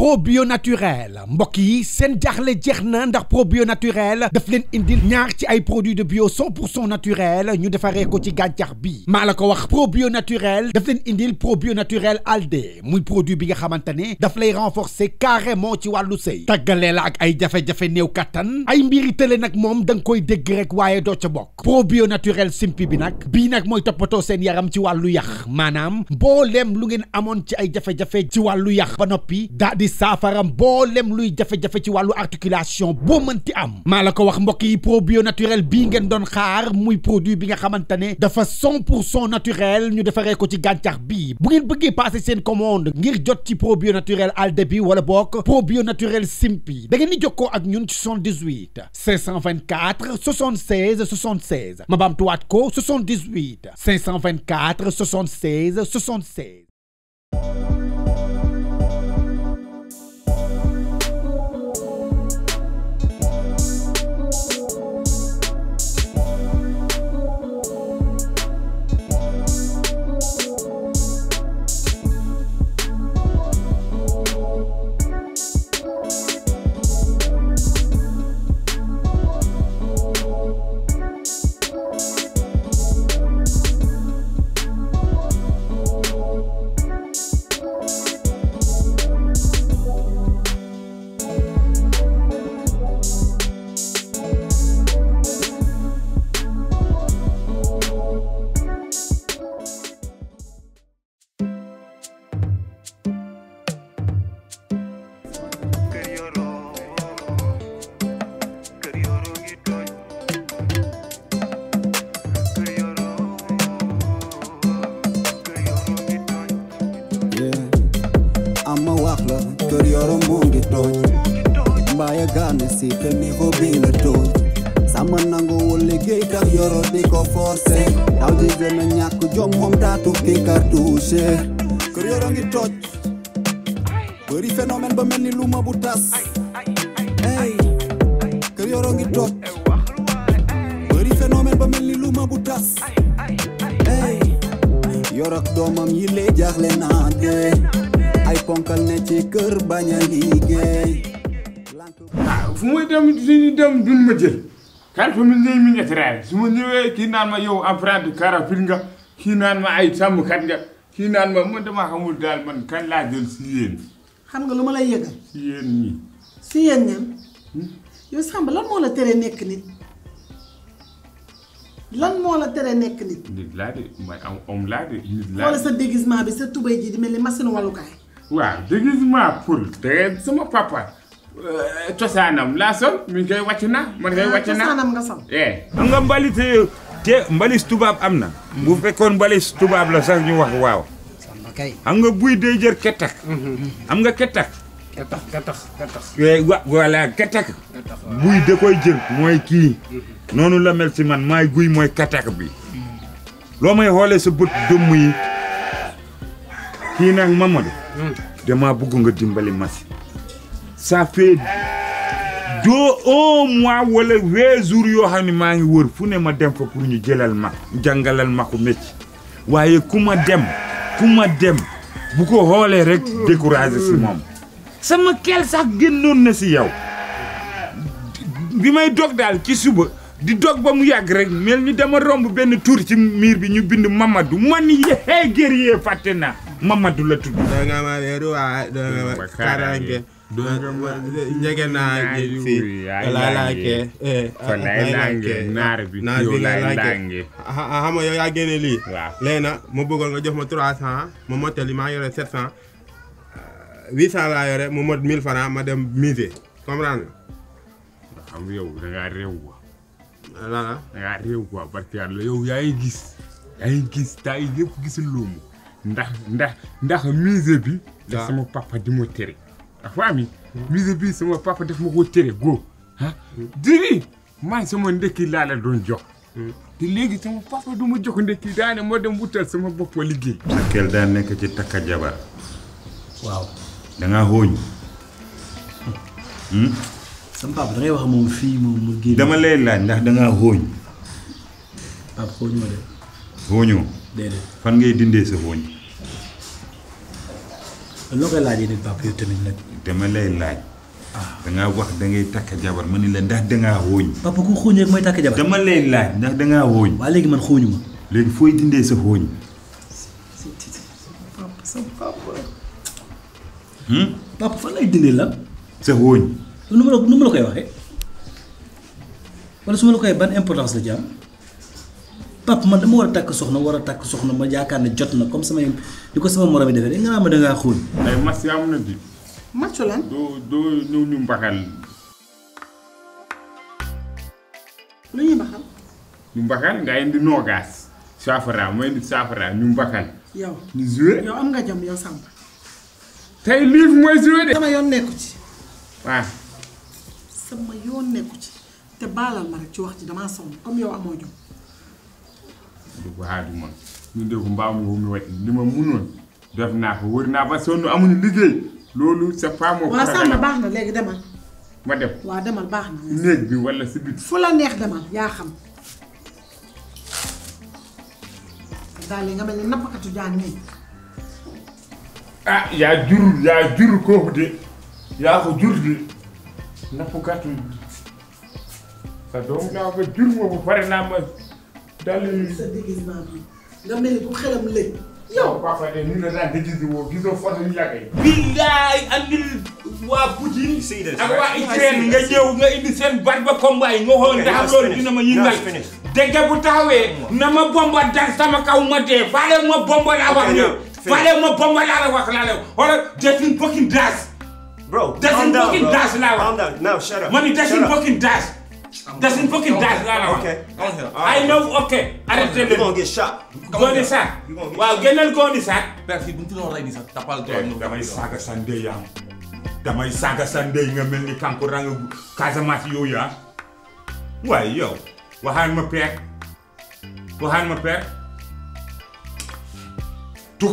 pro bio naturel mbokk yi seen jaaxle ndax pro bio naturel daf leen indil ñaar ci ay de bio 100 naturel ñu defaree ko ci bi wax pro bio naturel daf leen indil pro bio naturel alde muy produit bi nga xamantane renforcé daf lay renforcer carrément ci walu sëy tagalé la ak ay jafé jafé new katan ay mbiri tële nag moom koy dégg rek wayé bolem amont pro bio naturel simpi bi nak yaram ci manam bolem lu ngeen ci ay ci saafara mboolem luy jafé jafé ci walu articulation boo mënti am malako wax mbokk yi probio naturel bi ngeen don xaar muy produit bi nga xamantane dafa 100 naturel ñu défaré ko ci gàncax bi bu ngeen bëggé passer seen commande ngir jot ci probio naturel alde bi wala bok probio naturel simpi da ngeen di jokkoo ak ñun ci 78 524 76 76 ma baamtuwaat ko 78 524 76 76. kër yorom mu ngi tooj mbaaya gaane si te niveau bi la tooj sama nanguwul liggéey tax yoro di ko forcé daw di gën a ñàkk jom moom taatu ki cartouche kër yoro ngi tooj bëri phénomène ba mel ni lu ma bu tas ey kër yoro ngi tooj bëri phénomène ba mel ni lu ma bu tas ey yorok doomam yi lay jaaxle naa dee ponkal ne a liggéey. waaw ah, fu muy dem suñu dem duñ ma jël carte mille mi su ma ñëwee kii naan ma yow apprenti du carafil nga kii naan ma ay sàmmkat nga kii naan ma man damaa xamul daal man kan laa jël si yéen. xam nga lu ma lay yëgal. si yéen ñi. si yéen ñam. Hmm? yow Samba lan moo la teree nekk nit. lan moo la teree nekk nit. nit laa de mooy am homme laa de nit laa de. wala sa déguisement bi sa tubéy ji di mel ni machine wallukaay. waaw déguisement pour te sama papa euh, cosaanam laa sol mi ngi koy wàcc na man koy ah, wàcc na cosaanam nga sol eh xam nga mbalit euh, te mbalis tubaab am na bu fekkoon mbalis tubaab la sax ñu wax waaw xam nga buy day jër kettax xam nga kettax kettax kettax kettax eh, wa voilà kettax buy da koy jër mooy kii mhm. noonu la mel si man maay guy mooy kettax bi mhm. loo may xoolee sa bët dëmm yi kii nag Mamadou dama bëgg nga dimbali ma si. ça fait deux un mois wala vingt jours yoo xam ne maa ngi wër fu ma dem fa pour ñu jëlal ma jàngalal ma ko métti waaye ku ma dem ku dem bu ko xoolee rek découragé moom. sama kel sax génnoon na si yow bi may dog daal ci suba di dog ba mu yàgg rek mel ni dama romb benn tur ci miir bi ñu bind Mamadou man yéexee guerrier fàtte naa. mama dula tu da nga ma da nga nga ma karange do na weeru waa la karanke njege naange wala laange falay laange naar bi yow la laange ha ha mo yaa génne lii léegi nag mo bëggoon nga jox ma 300 mo moteli ma yore 700 800 la yore mo mot 1000 francs ma dem musée comprendre xam yow da nga rew wa la la da nga rew quoi parce que yow yaay gis yaa gis tay yëpp gisul luumu ndax ndax ndax musée bi. da ah. sama papa di ma tere. dafa am musée bi sama papa daf ma ko tere góob ah. diri sama ndekki laa la doon jox. Hmm. te léegi sama papa du ma jox ndekki daane moo dem wutal sama bopp ma liggéey. Sakkel daa nekk ci takka jabar. waaw. da ngaa xooñ. Hmm? sama papa dama lay laaj ndax da ngaa xooñ. papa xooñoo fan ngay dindee sa woñ. loo koy laajee nit papa yow tamit nag. dama lay laaj. Ah. da wax da ngay takk jabar ma ni la ndax danga ngaa wóoñ. papa ku xooñee mooy takk jabar. dama lay laaj ndax da ngaa wóoñ. waaw léegi man xooñu ma. léegi fooy dindee sa wóoñ. sa hmm? papa. papa fan lay dindee la. sa wóoñ. nu ma nu ma la koy waxee wala su ma la koy ban importance la ci pap man dama wara tak soxna wara tak soxna ma yaakaar ne jot na comme sama di ko sama morom yi eh, nga ma da nga xóon. ay mas yaa mun di. masu lan. do do ñu ñu mbaxal. lu mbaxal. ñu mbaxal nga indi noogaas. safara mo indi safara ñu mbaxal. yow ñu jouer yow am nga jam yow samp tay livre moy jouer de. sama yon neeku ci. wa sama yon neeku ci te balal ma rek ci wax ci dama sonn comme yow amo jom. ko haajumon ñun de ko mbawmi womi waɗi lima munoon def naa ko wër naa ba sonn amuñu liggéey loolu sa pas mon baax na léegi demal ma demal baax na bi wala si bit fu la neex li nga ah, de yaa ko jur de nappkatu sa doom laa ko jur moo bu pare naa ma daal di sa déguisement bi nga mel ni ku xelam lëj waa Poutine. ak nga ñëw nga indi seen bat ba combat nga xool ndax loolu dina ma yëngal. dégg bu taxawee mm. na ma bomba dal sama kaw ma dee faale ma bomba laa wax la faale ma bomba laa wax laa la desin fucking dash. desin fucking dash laa wax. calm down desin fucking dash. Doesn't fucking okay. die right Okay. okay. I know, okay. Arrêtez le. You're gonna get shot. Go on the Well Waaw go on the sack. ça. fii bu ça, tuddoo lay ça, tapal damay saaga sa ndey damay saaga sa je nga mel ni rang Casamance me y'a. waaye yow ma père ma père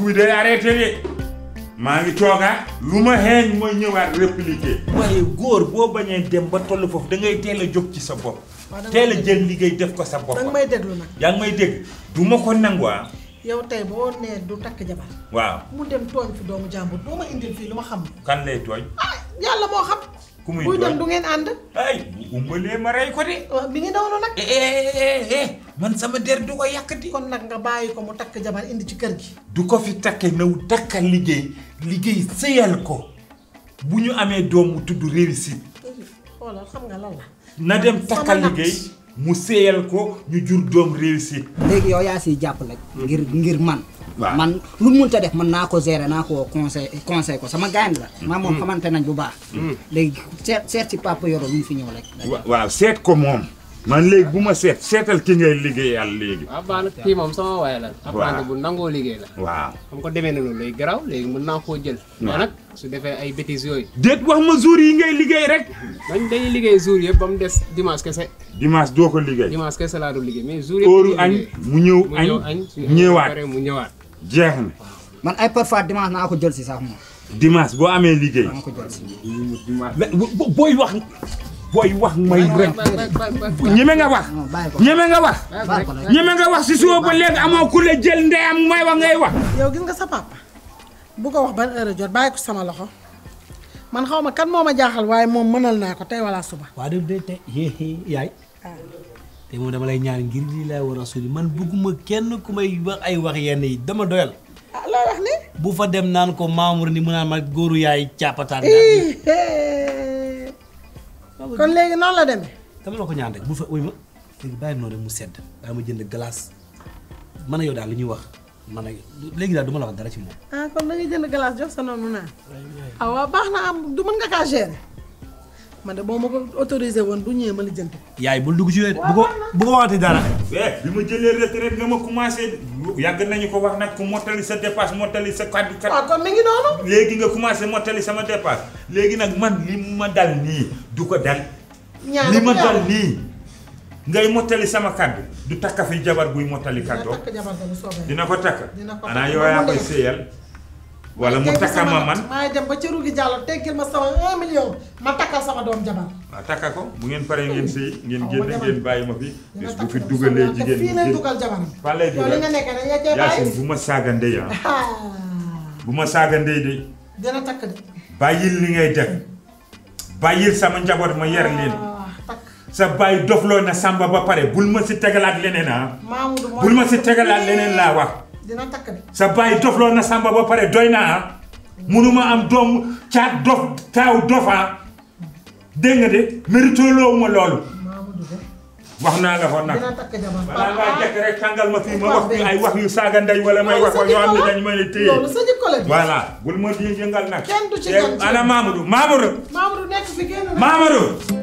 mi arrêté maa ngi toogaa lu ma xeeñ ma ñëwaat répliquer waaye góor boo bañee dem ba toll foofu da ngay teel a jóg ci sa bopp teel a jël liggéey def ko sa bopp danga may déglu nag yaa ngi may dégg du ma ko nanguwaa ah. yow tey boo nee du takk jabar waaw mu dem tooñ fi doomu jàmbur boo ma indil fii lu ma xam kan lay tooñ ah yàlla moo xam ku muy doon kuy dem du ngeen ànd. ay bu umbalee ma rey ko de. waaw oh, mi ngi nag. Eh, eh, eh, man sama der du ko yàq di. kon nag nga bàyyi ko mu takk jabar indi ci kër gi. du ko fi takke naw takka liggéey liggéey sëyal ko bu ñu amee doom mu tudd réussite. xoolal xam nga lan la. na dem takka liggéey mu sëyal ko ñu jur doom réussite. léegi yow yaa siy jàpp nag. ngir ngir man. man lu mu mënta def man naa ko gérer naa ko conseil conseil ko sama gagne la. Mm. maa mom mm. xamanté nañ bu baax. Mm. légui seet seet si papa Yoro ñu fi ñew rek. waaw sét ko mom man légui buma sét sétal ki ngay liggéeyal léegi. waaw ah, baax na ki mom sama way la. apprendre bu nango liggéey la. waaw xam ko démé na lu léegi graw légui mën naa koo jël. waaw nag su défé ay bêtises yoy dét wax ma jour yi ngay liggéey rek. dañ dañuy liggéey jour yëpp bam dess dimanche kessé dimanche do ko liggéey. dimanche kessé la do liggéey mais jour yi mu ñëw mu ñëw añ ñëwaat ñëwaat jeexna man ay parfois dimanche na ko jël si sax mo dimanche bo amé liguey boy wax boy wax may rek. ñeme nga wax. ñeme nga wax. ñeme nga wax si suwa ba léegi amo ku la jël am may wax ngay wax. yow gis nga sa papa bu ko wax ban heure jot bàyyi ko sama loxo man xawma ma kan moma ma jaaxal waaye moom mënal na ko tay wala suba. waaw de de tey yaay. Ah. te moom dama lay ñaan ngir lii laa war a sori man bëgguma kenn ku may wax ay wax yenn yi dama doyal. ah loo wax ni bu fa dem naan ko Mamour ni mu naan góoru yaay càppataan. kon léegi noonu la demee. dama la ko ñaan rek fa uy ma léegi bàyyi noonu rek mu sedd bàyyi ma jënd glace man a yow daal li ñuy wax man a léegi daal du ma la wax dara ci moom. Ah, kon da jënd glace jox sa noonu naan. ah baax na am du mën nga kaa gérer. man de boo ma ko autorisé woon bu ñëwee ma lijjanti. yaay bul dugg ci yooyu bu ko bu ko waxati dara. eh bi ma jëlee retraite nga ma commencé. yàgg nañu ko wax nag ku mottali sa dépasse mottali sa kaddu. waaw kon mi ngi noonu. léegi nga commencé mottali sama dépasse léegi nag man li ma dal nii du ko dal. li ma dal nii ngay mottali sama kaddu du takka fi jabar buy mottali kaddu. dina ko takk dina ko takk. dina ko takk xanaa yow yaa koy séyal. wala mu takka ma man maa dem ba ci rugi jàll teggil ma sama 1 eh, million ma takkal sama doom jabar waaw takka ko bu ngeen paree ngeen sëy ngeen génn ngeen bàyyi ma fi bis bu fi dugalee jigéen fii lay dugal jabar fa lay dugal li nga nekk rek yaa cee bàyyi bu ma saaga ndey ah bu de dina takk de bàyyil li ngay def bàyyil sama njaboot ma yar leen sa bàyyi dofloo na sàmba ba pare bul ma si tegalaat leneen ah bul ma si tegalaat leneen laa wax dina takk sa bàyyi dofloo na Samba ba pare doy naa munuma am doomu caat dof taaw dofa dégg nga de méritoloo ma loolu. wax naa la ko nag balaa ngaa jëkk rek tàngal ma fii ma wax fii ay wax yu saaga ndey wala may wax ko ñoo xam ne dañ ma ne téye voilà bul ma di yëngal nag. kenn du ci gàncax ana Mamadou Mamadou. Mamadou nekk fi génn na Mamadou.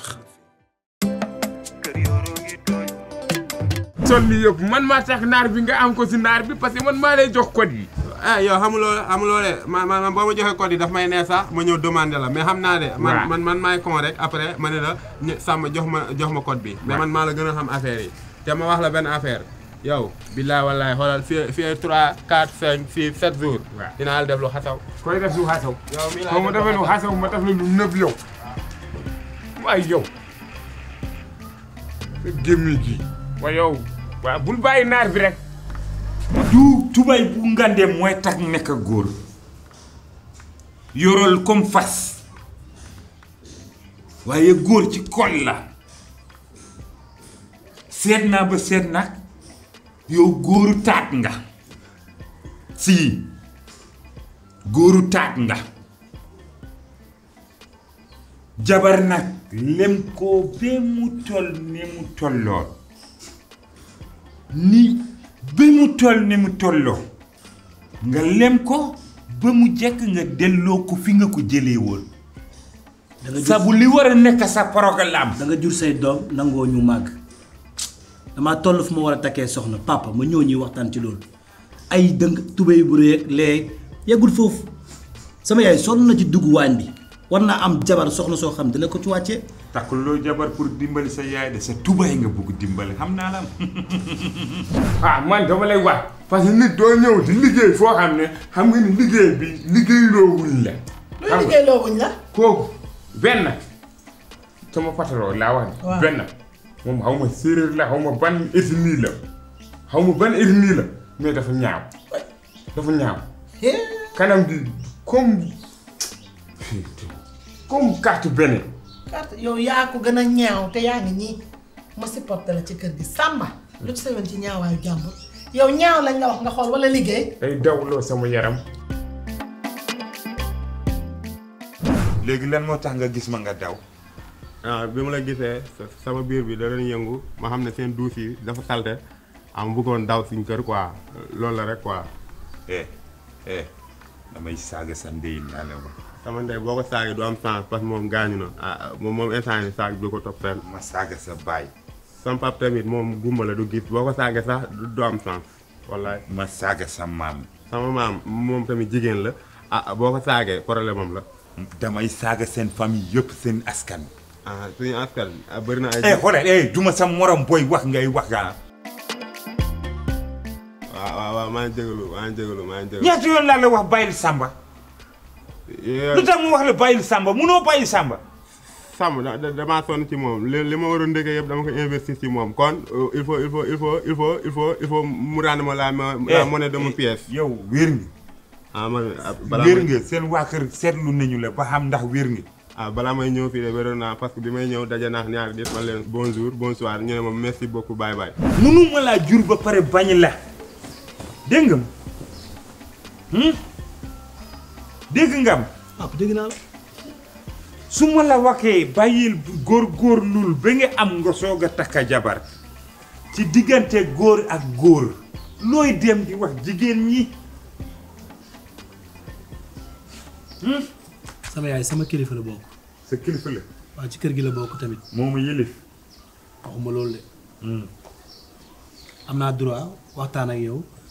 sol nii yëpp man maa tax naar bi nga am ko si naar bi parce que man maa lay jox code yi. ah yow xamuloo xamuloo de ma ma boo ma joxee code yi daf may nee sax ma ñëw demander la mais xam naa de. man man man maay con rek après ma ne la ñu jox ma jox ma code bi. mais man maa la gën a xam affaire yi te ma wax la benn affaire. yow billaay wallaay xoolal fii fii 3 4 5 6 7 jours. waaw dinaa la def lu xasaw. koy def lu xasaw. ma defee lu xasaw ma def lu nëb yow. waaw yow. gémmi ji. yow. waaw bul bàyyi naar bi rek. du tubay bu ngandee mooy tax nekk góor yoral comme fas waaye góor ci kol la seet naa ba seet nag yow góoru taat nga si góoru taat nga jabar nag lem ko bee mu toll ni mu tolloon ni bi mu toll ni mu tolloo nga lem ko ba mu jekk nga delloo ko fi nga ko jëlee woon. da nga li war a nekk sa programme. da nga jur say doom nangoo ñu màgg damaa toll fu ma war a takkee soxna papa ma ñëw ñuy waxtaan ci loolu ay dëng tubéy bu rëy ak lee yeggul foofu sama yaay sonn na ci dugg waañ bi war naa am jabar soxna soo xam dina ko ci wàccee. takkuloo jabar pour dimbali sa yaay de sa tubaay nga bugg dimbali xam naa la. Ah, man dama lay wax parce que nit doo ñëw di liggéey foo xam ne xam nga ni liggéey bi liggéey loowuñ la. xam nga lu liggéey loowuñ kooku benn sama patron laa wax. waaw benn moom xaw ma séeréer la xaw ma ban ethnie la xaw ma ban ethnie la mais dafa ñaaw. dafa ñaaw. kanam bi comme comme carte beneen. carte yow yaa ko gën a ñaaw te yaa ngi nii ma supporté la ci kër gi sàmba lu ci sëyoon ci ñaawaayu jàmbur yow ñaaw lañ la wax nga xool wala liggéey. day dawloo sama yaram. léegi lan moo tax nga gis ma nga daw. ah bi ma la gisee sama biir bi da yëngu ma xam ne seen duus yi dafa salte am bëggoon daw suñ kër quoi loolu la rek quoi. Eh, eh. damay saaga sa ndey laa la wax. sama ndey boo ko saagee du am sens parce moom gaañu na ah, ah moom moom instant saag bi ko topp fenn. ma saaga sa baay. sama pap tamit moom guma la du gis boo ko saagee sax du am sens wallaay. ma saaga sa maam. sama maam moom tamit jigéen la ah, ah boo ko saagee problème am la. damay saaga seen famille yëpp seen askan. ah suñu askan ah bëri na ay. eh xoolal eh du ma sa morom booy wax ngay wax gaa. Ah. maa ngi jégalu maa ngi jégalu maa ngi jégalu. ñaata yoon laa la wax bàyyil Samba. lu tax mu wax la bàyyil Samba munoo bàyyi Samba. Samba da damaa sonn ci moom li li ma waroon ndéggee yëpp dama ko investir ci moom kon euh, il faut il faut il faut il faut il faut mu rendre ma la la eh, monnaie de ma eh, pièce. yow wér nga. Ah, ah, wér nga seen waa kër seetlu nañu la ba xam ndax wér nga. ah balaa may ñëw fii de wéroon naa parce que bi may ñëw daje naax ñaari nit ma leen bonjour bonsoir ñu ne ma merci beaucoup bye bye. munu ma laa jur ba pare bañ la. dégg nga ma hmm? dégg nga dégg naa la. su ma la waxee bàyyil góorgóorlul ba nga am nga soog a takka jabar ci diggante góor ak góor looy dem di wax jigéen ñi. Hmm? sama yaay sama kilifa la bokk. sa kilifa la. waaw ci kër gi la bokk tamit. moomu yëlif. waxuma loolu de. Hmm. am naa droit waxtaan ak yow.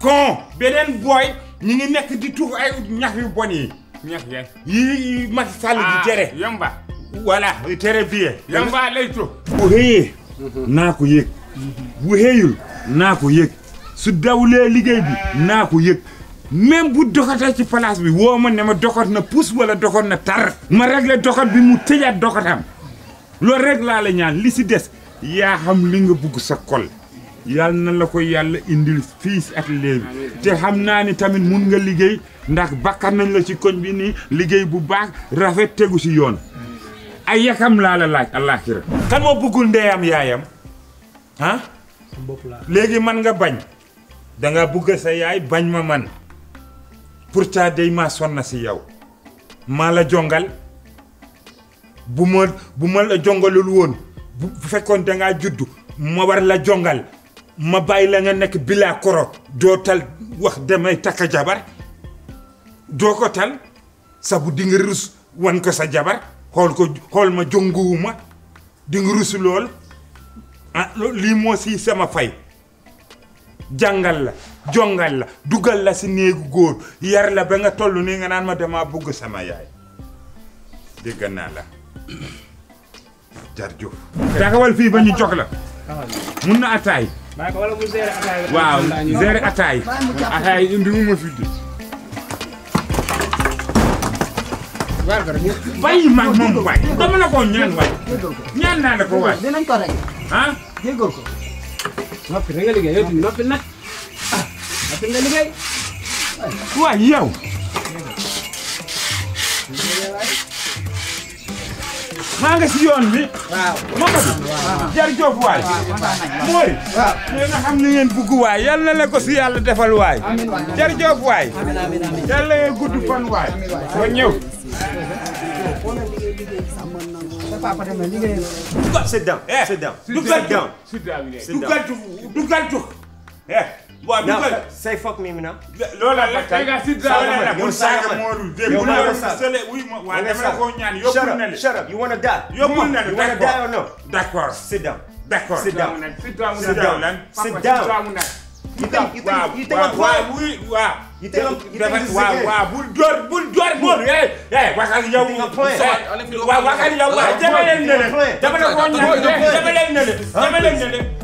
kon beneen booy ñi ngi nekk di tuuf ay ñax yu bon yi. ñax yan yi Macky Sall di ah, tere. yamba voilà tere bi yamba lay tuuf. bu xëyee naa ko yëg bu xëyul naa ko yëg su dawlee liggéey bi naa ko yëg même bu doxatee ci place bi woo ma ne ma doxat na pousse wala doxat na tar. ma réglé doxat bi mu tëjaat doxatam loolu rek laa ñaan li si des yaa xam li nga bugg sa kol. yàlla na la koy yalla indil fils ak leew te xamna ni tamit mun nga liggey ndax bakkar nañ la ci koñ bi ni liggey bu baax rafet tegu ci yoon ay yakam la la laaj àllaaxira kan mo bëggul ndeyam yaayam ha legi man nga bañ danga bëgg sa yaay bañ ma man pourtant day ma sonna ci yow maa la jongal bu ma bu ma la jongalul won bu da nga judd ma war la jongal ma bay la nga nek bila koro do tal wax demay takk jabar do ko tal sabu bu nga rus wan ko sa jabar hol ko hol ma jonguuma rus lol ah li mo si sama fay janggal la jongal la dugal la si néegu gor yar la ba nga tollu ni nga nan ma dama bugu sama yaay dégg naa la jar jëf taxawal fii mun na waaw gérer ataay ataay indi mu ma fii bàyyi ma moom waay dama la ko ñaan waay ñaan naa la ko waay dinañ ko rek ah jéggoo ko maa nga si yoon bi. waaw Mamadou. jar Diop waay. mooy. waaw nga xam ne ngeen bugg waay yal na la ko si yàlla defal waay. jar Diop waay. yàlla nga gudd fan waay. ba ñëw. sit down. waaw bi koy say foog mi mi na. loolu la la bu saaga Modou dégg nga ko ñaan yóbbul na la. you wanna die. yóbbul na la you wanna die or no. d'accord sit down. d'accord sit down sit down sit down. sit down. you think you think you think I'm playing. waaw you think I'm you think waaw waaw bul door bul door Modou eh eh waxal eh, yow. waaw waxal yow waaw jëmale na la. jëmale ko ñaan jëmale na la eh, jëmale na la.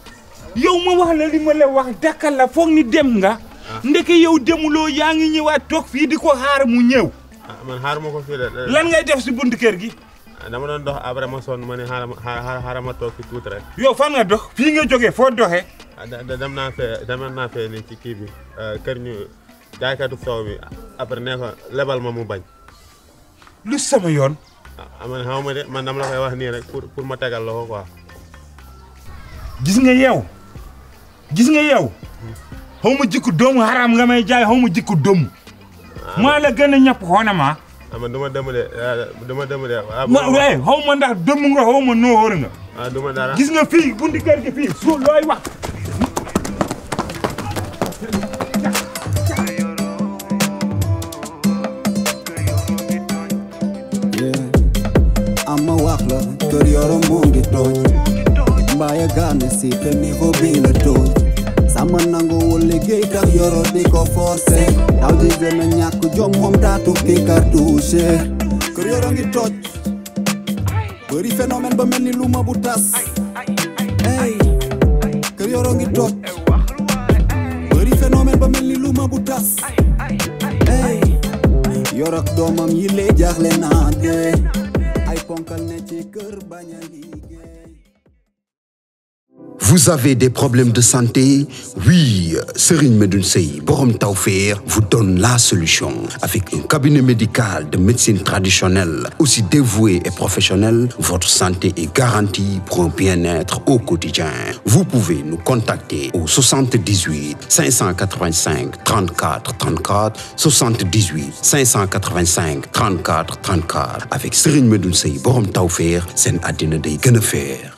yow ma wax la lima la wax dakal la foog ni dem nga ah. ndeke yow demulo yaangi ngi ñëwaat toog fii xaar mu ñew ah, man xaar mako fi fii lan ngay def si buntu keer gi ah, dama don dox après ma mané ma ne xaaral ma tok fi tout rek yow fan nga dox fi nga joggé fo doxé dem na fee dem na fee ni ci ki bi euh, keer ñu jaaykatu sow bi après ne lebal ma mu bañ lu sama yoon man xaw de man dama la koy wax ni rek pour pour ma tégal la ko quoi gis nga yow gis nga yow xaw ma jikku doomu xaraam nga may jaay xaw ma jikk doomu. Ah, maa la gën a ñàpp xoona ma. ah man du ma demalee ah, du ma ah, eh, ndax doomu nga xaw ma noohóor nga. ah nga fii bundi kër gi fii su looy wax. ama wax la kër yoro mu ngi tooñ. mbaa ya gaane si te niveau liggéey tax yoro ko forcé daw di gën a ñàkk jom moom daa tukki cartouche kër yoro ngi toj bëri phénomène ba mel ni lu ma bu tas ey kër yoro ngi toj bëri phénomène ba mel ni lu ma bu tas ey yoro doomam yi lay jaaxle naa ay ponkal ne ci kër bañ a liggéey Vous avez des problèmes de santé Oui, Serine Medunsei, Borom Taufer vous donne la solution. Avec une cabinet médical de médecine traditionnelle, aussi dévoué et professionnelle, votre santé est garantie pour un bien-être au quotidien. Vous pouvez nous contacter au 78 585 34 34 78 585 34 34 avec Serine Medunsei, Borom Taufer, Sen Adina Genefer.